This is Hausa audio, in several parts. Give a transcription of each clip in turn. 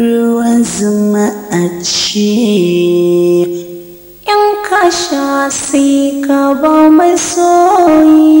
ruwansu ma'aci in ka sha sai ka ba mai soyi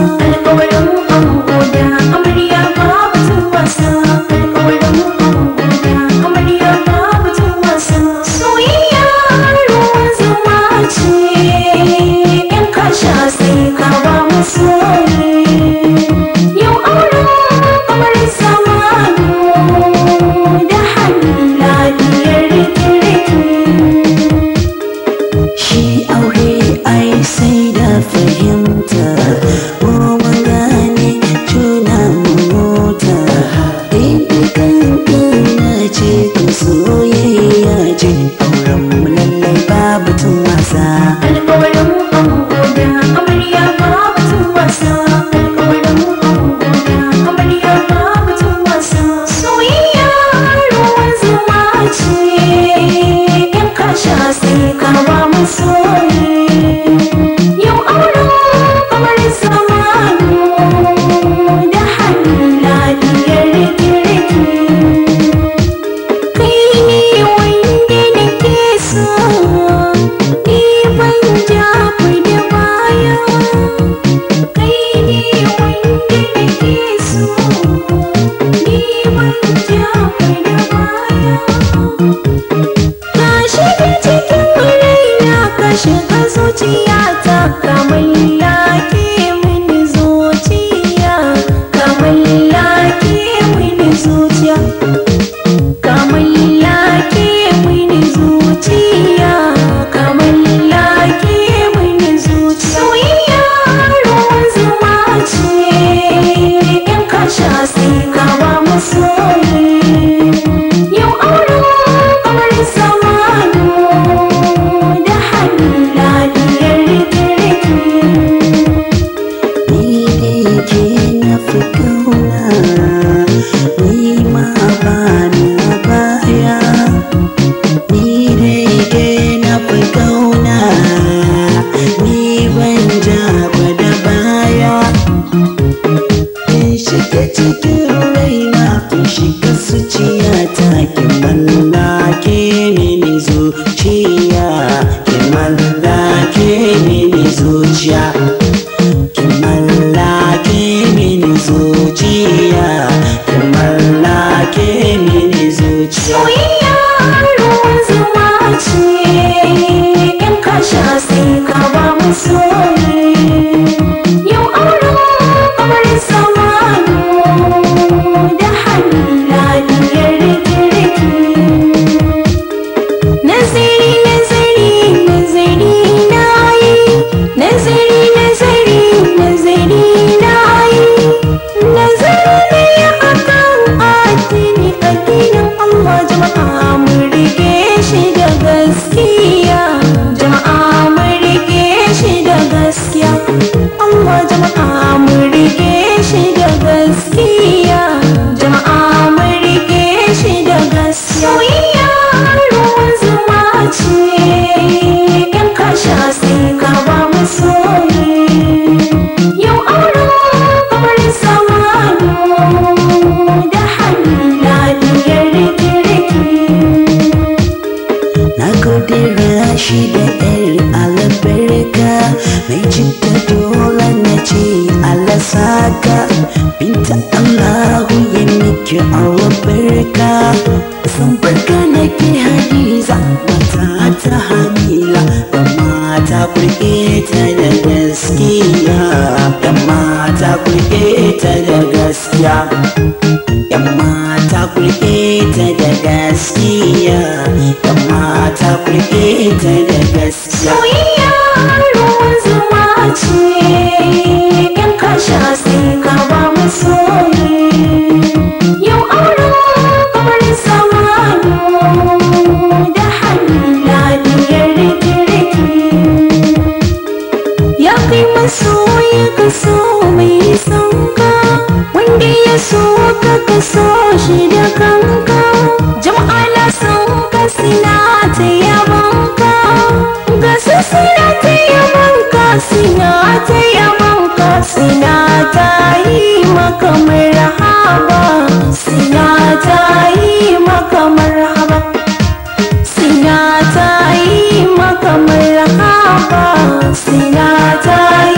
Go kamar kauna ni ban jaba da baya in shiga cikin raina kun shiga suciya ta ki mallake mini zuciya ki mallake mini zuciya kila ba mata kurke ta da gaskiya yan mata kurke ta da gaskiya yan mata kurke ta da gaskiya yan mata kurke ta da gaskiya soyayya ruwan zuwa ce ka ka so shi da kanka jama'a na son ka sina ta yabanka ga su sina ta yabanka sina ta yabanka sina ta yi maka marhaba sina ta yi maka marhaba sina ta yi maka marhaba sina ta yi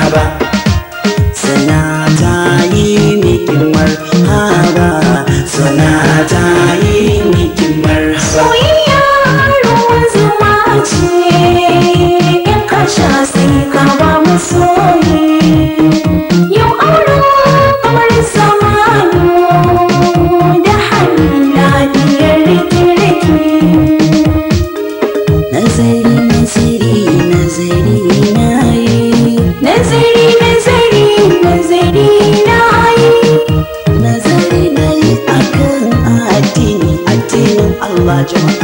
marhaba sana ta yi miki marhaba sana ta yi Rádio